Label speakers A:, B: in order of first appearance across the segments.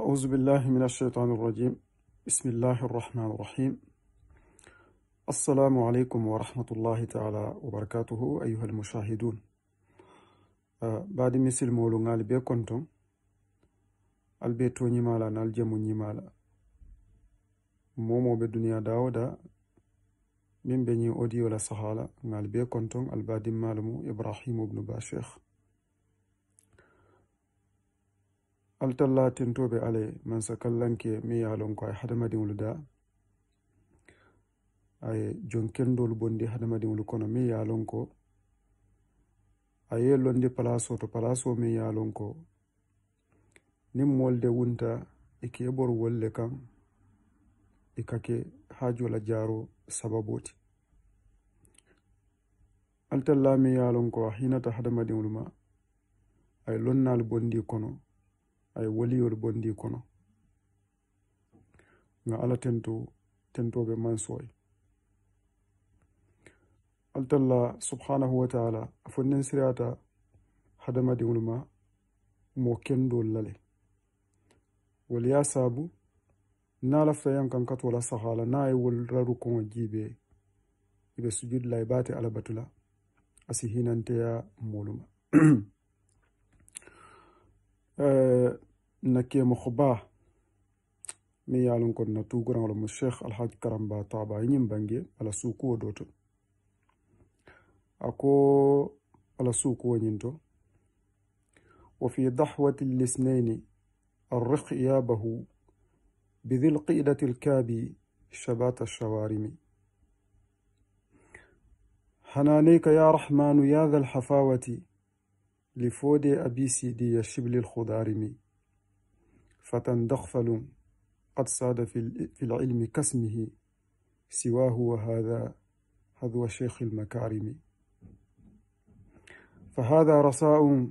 A: أعوذ بالله من الشيطان الرجيم بسم الله الرحمن الرحيم السلام عليكم ورحمة الله تعالى وبركاته أيها المشاهدون آه، بعد مثل مولو نال بي كنتم البيتو نيمالا نال جمو نيمالا مومو بدنيا داودا من بني أوديو لسهالة نال بي كنتم البادي مالمو إبراهيم بن باشيخ altalla tentoɓe ala man sakallanke mi yalon ko ay hadamadin wolda ay jonkendol bondi hadamadin wol kono mi yalon ko aye londi place o to place o mi yalon ko nin molde wunta e kebor wolle kan e kake ha jola jaro sababoti altalla mi yalon ko a hinata hadamadin wol ma ay lonnal bondi kono ay woliyol bondi kono ga ala tento tentoɓe mansoy altallah subhanahu wataala a fonnen sirata hadamadiol ma mo kendol lale waliya saabu na laftayan kan katola sahala na ye wol raru kono jiɓe iɓe sujudla e bate alabatula asi hinanteya moluma eh, نكي مخبا مي يالون كون نتو غران لو الشيخ الحاج كرم با تابا ينم بانجي على سوكو دوتو اكو على سوكو نينتو وفي ضحوة الاثنين الرق يابه بذي القيدة الكابي شبات الشوارم هنانيك يا رحمن يا ذا الحفاوة لفودي أبي سيدي يشبل الخضارمي فتندخفل قد صاد في العلم كاسمه سواه وهذا هذو شيخ المكارم فهذا رساء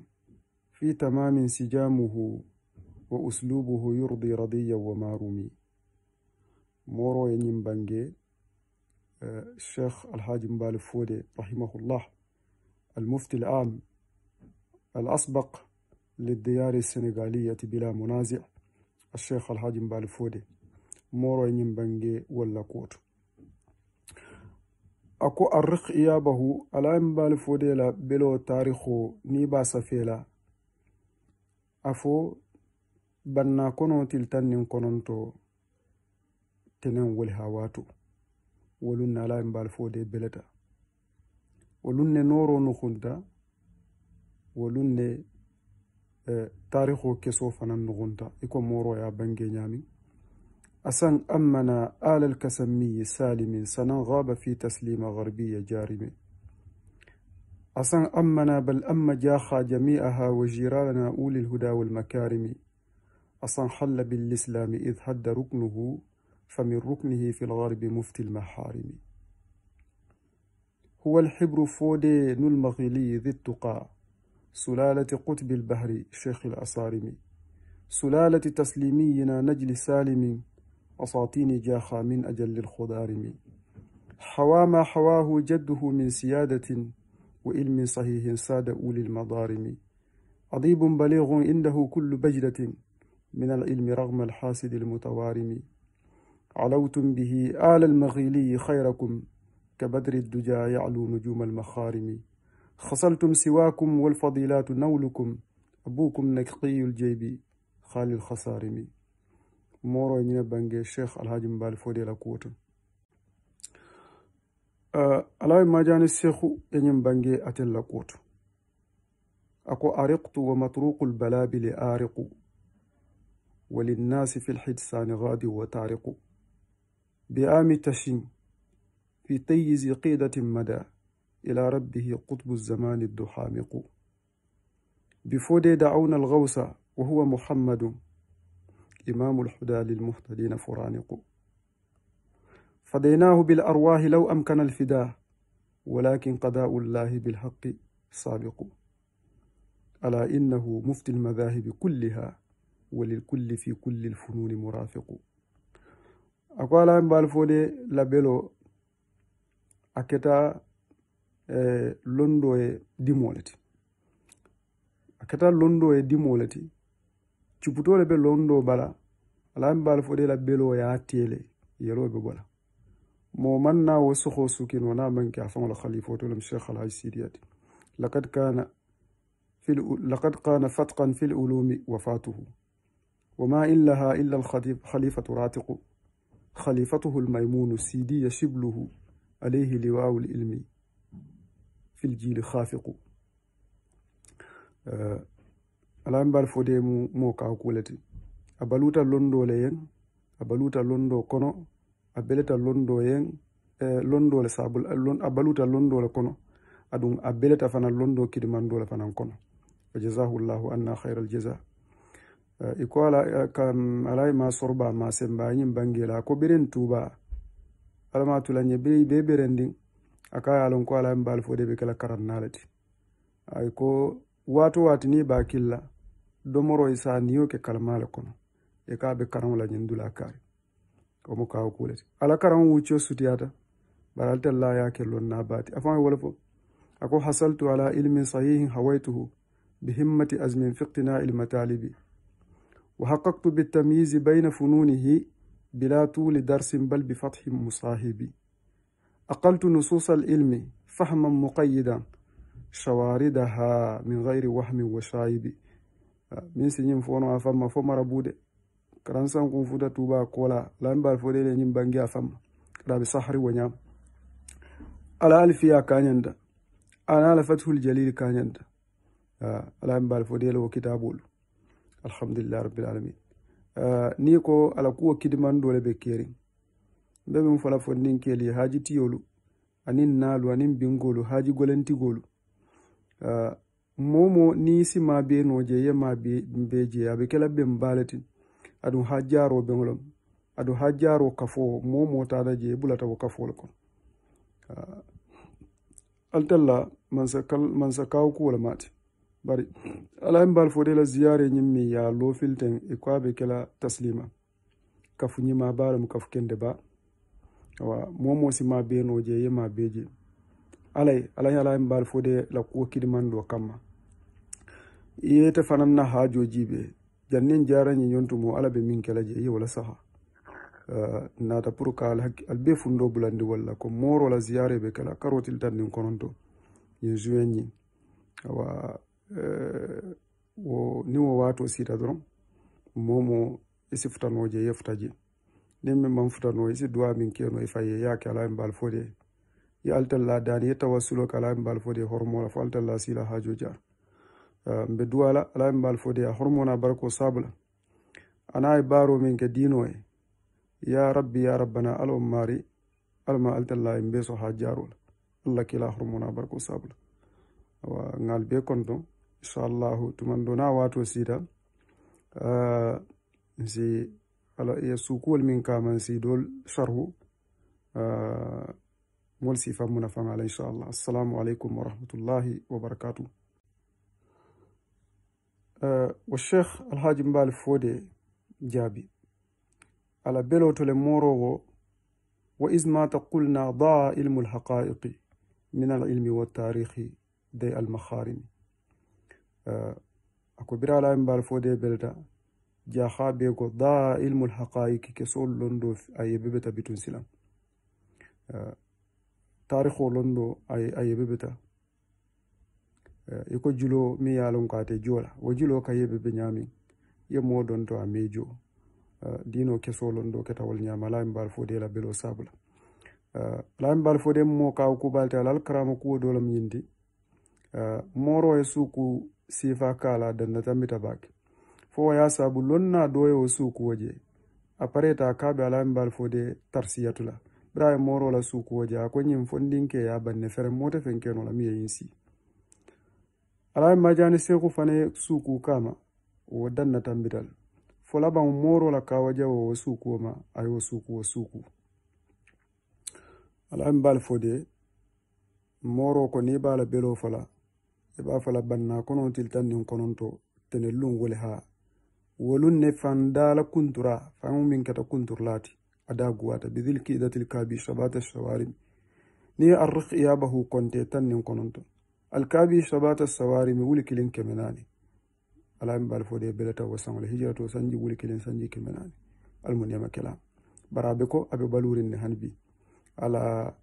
A: في تمام انسجامه وأسلوبه يرضي رضيا ومارمي مورو ينبنجي الشيخ الحاج مبال فودي رحمه الله المفتي العام الأسبق للديار السنغالية بلا منازع Sheikh Alhaji Mbali Fode moro nyim bange walla koto ako arrik iyabahu ala Mbali Fode la belo tarikho ni ba safela afo banna kono tiltannin kononto tenen wol ha wato wolun na ala Mbali Fode beleta wolun ne noro nukunta wolun ne تاريخو كيسو فنان نغنتا إكو مورو يا بنجي نامي أسان أمنا آل الكسمي سالم سنن غاب في تسليم غربية جارمة أسان أمنا بل أم جاخا جميعها وجيراننا أولي الهدى والمكارم أسان حل بالإسلام إذ هد ركنه فمن ركنه في الغرب مفتي المحارم هو الحبر فودي نلمغلي ذي التقى سلالة قطب البحر شيخ الأصارم سلالة تسليمينا نجل سالم أساطين جاخا من أجل الخضارم حوى ما حواه جده من سيادة وإلم صحيح ساد أولي المضارم عضيب بليغ عنده كل بجدة من العلم رغم الحاسد المتوارم علوتم به آل المغيلي خيركم كبدر الدجى يعلو نجوم المخارم خصلتم سواكم والفضيلات نولكم أبوكم نقي الجيب خالي الخصارمي مورو نينا بانجي الشيخ الهاج مبال فودي لاكوتو alawi majani sekhu eñin bange atel la kuutu ako ariqtu wa matruqu lbalabili وللناس في الحدسان غادي وتارق بآم تشين في طيز قيدة مدى إلى ربه قطب الزمان الدحامق بفود دعونا الغوص وهو محمد إمام الحدى للمهتدين فرانق فديناه بالأرواح لو أمكن الفداء ولكن قضاء الله بالحق سابق ألا إنه مفتي المذاهب كلها وللكل في كل الفنون مرافق أقول أن بالفودي لبلو أكتا londo e dimole akata londo e dimole ti cuputole be londo bala alaami baala fo de la belo ya tele yelo be bola mo man wo soho sukin wana man afan la khalifa to lam sheikh al haisiriyati laqad kana في لقد كان فتقا في العلوم وفاته وما إلها إلا الخليفة راتق خليفته الميمون سيدي شبله عليه لواء العلم fi ljiili khafiqu eh, alaami mbaɗa fode mu mo kaw kuulati a baluta londo le yen a baluta londo kono a beleta londo yen e londole sabul a baluta londole kono aɗum a beleta fana londo kidimandole fanan kono fa jasahullahu anna khayra al jasa eh, i ko alakam eh, alayi ma sorba ma sembayin bangela ko ɓeren tuba alama tulanñe ɓe ɓe ɓeren ndin a kaya alin kwala yin dai da kala karan nalati ko wato wato ni ba killa domoro isa ni yau ke kalma da kuma ya ka bi karan wulajen dula kare ko mu kawo kula ala karan wuce su tiyata baraltar la ya kello na ba ta afan ko ako hasaltu ala ilmin sahihin hawaituhu bi himmati azmin fiqtina ilmatalibi wa haqaqtu bit tamyiz bayna fununihi bila tuli darsin bal bi fathi musahibi أقلت نصوص العلم فهما مقيدا شواردها من غير وهم وشايب min si ñin fono a famma fo mara buude karan sankun futa tuba kola lambal fo dele ñin bangi a famma kada bi sahari wo ñam ala alfiya kañanda ana ala fathul jalil kañanda ala mbal fo dele wo kitabul alhamdulillah rabbil alamin ni ko ala kuwo kidimandole be kerin nde min fola fonninkeli haaji tiyolu anin naalu anin bingolu haaji golentigolu momo nisi ma be no je ye ma be je aɓe kela ɓe mbaletin aɗum ha jaro beolom aɗu ha jaro kafowo momo tana je ɓulata wo kafol kon altalla mansa kaw kuwola mati bari ala e mbal fodela ziyare ñin mi ya lofilten e ko aɓe kela taslima kafu ñima baram kafu kende ba wa momo si ma be no je ye ma be je alay alay ala mbal bal fode la ko kidiman do kamma yete fanan na ha hajoji be jannin jaranyi yontumo ala be min kala je ye wala saha eh, na ta pur kal hak al be fu ndo bulandi wala ko moro la ziyare be kala karotil tan nin kononto yin juwenyi awa eh, wo ni wo wato sita doron momo isifta e isifutanoje yeftaje nin min man futano isi duwa min keno i faye ya ke alamin bal fode i altalla dani ye tawassulo ke alamin bal fode hormola fo altalla sila hajoja ah, mbe duwala alamin bal fode a hormona barko sabla ana ye baro min ke dino ye ya rabbi ya rabbana ala mari alama altalla en beso ha jarola allah kila hormona barko sabla awa ngal be konton inchallahu tuman wato sida uh, ah, si ألا يسوق من كامن سيدول شره آه ولسي فهمنا على إن شاء الله السلام عليكم ورحمة الله وبركاته آه، والشيخ الحاج مبال فودي جابي على بلو تلمورو وإذ ما تقولنا ضاع علم الحقائق من العلم والتاريخ دي المخارم آه أكو برا لا مبال فودي بلده jaha be ko da ilmul haqaiqi kesol londo aye bitun silam tarikho londo aye iko julo mi yalon kate jola wo julo ka yebe nyami ye mo to amejo dino keso londo ketawol nyama la mbal fode la belo sabula la mbal fode mo ka ku balte al karama ku dolam yindi moro e suku sifa kala dan tamita baki fo waya saabu lonna doyo suukuwoje apareta kaɓe alambal fode tarsiyatula bira ye morola suukuwoje a ko ñin fondinke ya banne fere mote fen kenola mi ye yin majani seku fane suuku kama wo danna tambital fo laban morola kawaje wo wo suukuwo ma ayo suukuwo suuku alaye bal fode moro ko ni bala belo fala e ba fala banna konon tiltan nin kononto tenellun wole ha ولن دالا كنترا فان من كتا كنترلاتي أدا قواتا بذل كيدة الكابي شبات الشوارم ني أرخ إيابه كنتي تن كننتو الكابي شبات السوارم ولك كلين كمناني ألا يمبال فودي بلتا وسان والهجرة وسانجي ولي كلين سانجي كمناني يما كلام برابكو أبي بالورين هنبي على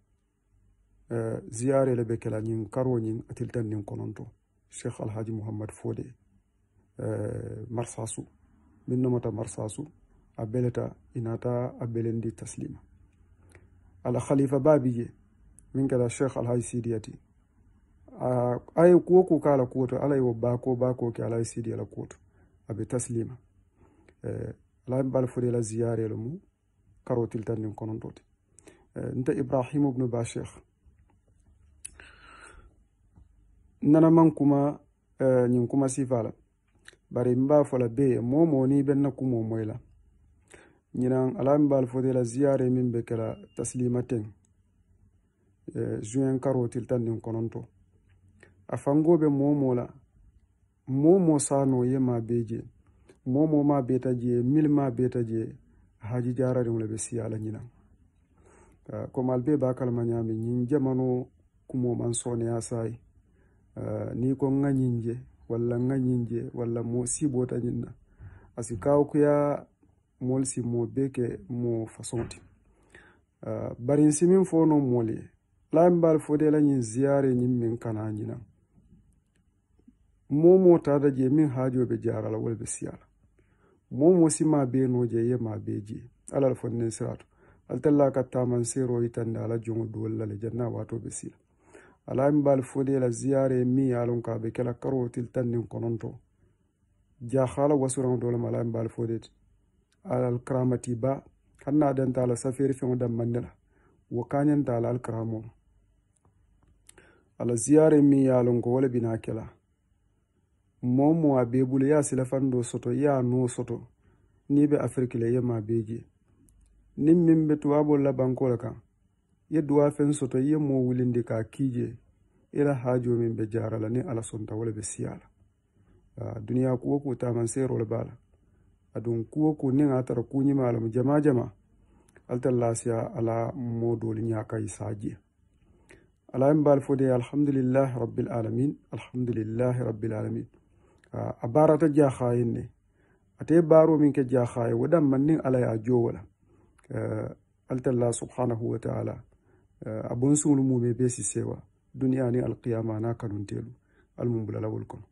A: زيارة لبكلا نين كارو نين أتلتن نين كننتو الشيخ الحاج محمد فودي مرساسو min nomata marsasu a ina ta a belendi taslima ala khalifa babije min kata cheikh alhaji sidiyati aye kuwo ku ka ala kuwoto ala yewo bako bako ke alaye sidi ala a bi taslima alaɓe e, mbala fode la ziyarelo mum karotil tan nin konontoti e, nta ibrahima ubnu ba cheikh nana man kuma ñin e, kuma sifala bari n baa fola bee moo moo ni bɛn na ku moo moyi la ñinan alaami baal fote la ziyaare min be kɛla tasilima teŋ eh, zuyen karo tilta nin kɔnɔntɔ a fango bɛ moo moo la moo moo saa ye maa bee je moo moo maa bee je mil maa bee je haji jaara diŋo be siya la ñinan eh, komi ali bee baa kalama ñaami ñiŋ jamano kumoo maŋ sooneya saayi eh, ni ko n ŋa ñiŋ je walla gayinje walla mo siɓota ñinna asi kawkuya mool si mo be ke mo façon ti uh, ah, barin simin fo no mool ye laami mbaal fode la ñin ziyare ñin min kana ñina momo tata je min haajo ɓe jarala wala ɓe siyala momo si ma be noje ye ma be je alal fonnen sirato altalla kattaman sero yitande ala jongo duwollale janna wato ɓe sila Ala alamin bal fode la ziyare mi yalon ka be kɛla karo til tannin kononto ja hala wasuran dole min bal fode alal karamati ba kana dan ta la safiri fi dan mandala wa kanyan ta al karamo ala ziyare mi yalon ko wala bina kela momo a bebulu ya fando soto ya no soto ni be afrique le yema je. Ni min be tuwabol la banko la kan yedduwa fen soto yiyemo wulinde ka kiije ila ha jomin ɓe jarala ni ala sonta wala ɓe siyala duniya kuwo ko taman serol bala aɗum kuwo ko nin a tara kuñima alamu jama jama altan lasiya ala modol ñakay saji ala en mbal fode alhamdulillahi rabbil alamin alhamdulillahi rabbil alamin a barata jahayen ne ate baro min ke jahaye woɗan man nin ala ya jowola altan la subhanahu wa taala أبون سولو مو بيبي سي سيوا دنيا ني القيامة ناكا نونتيلو المنبلا لولكم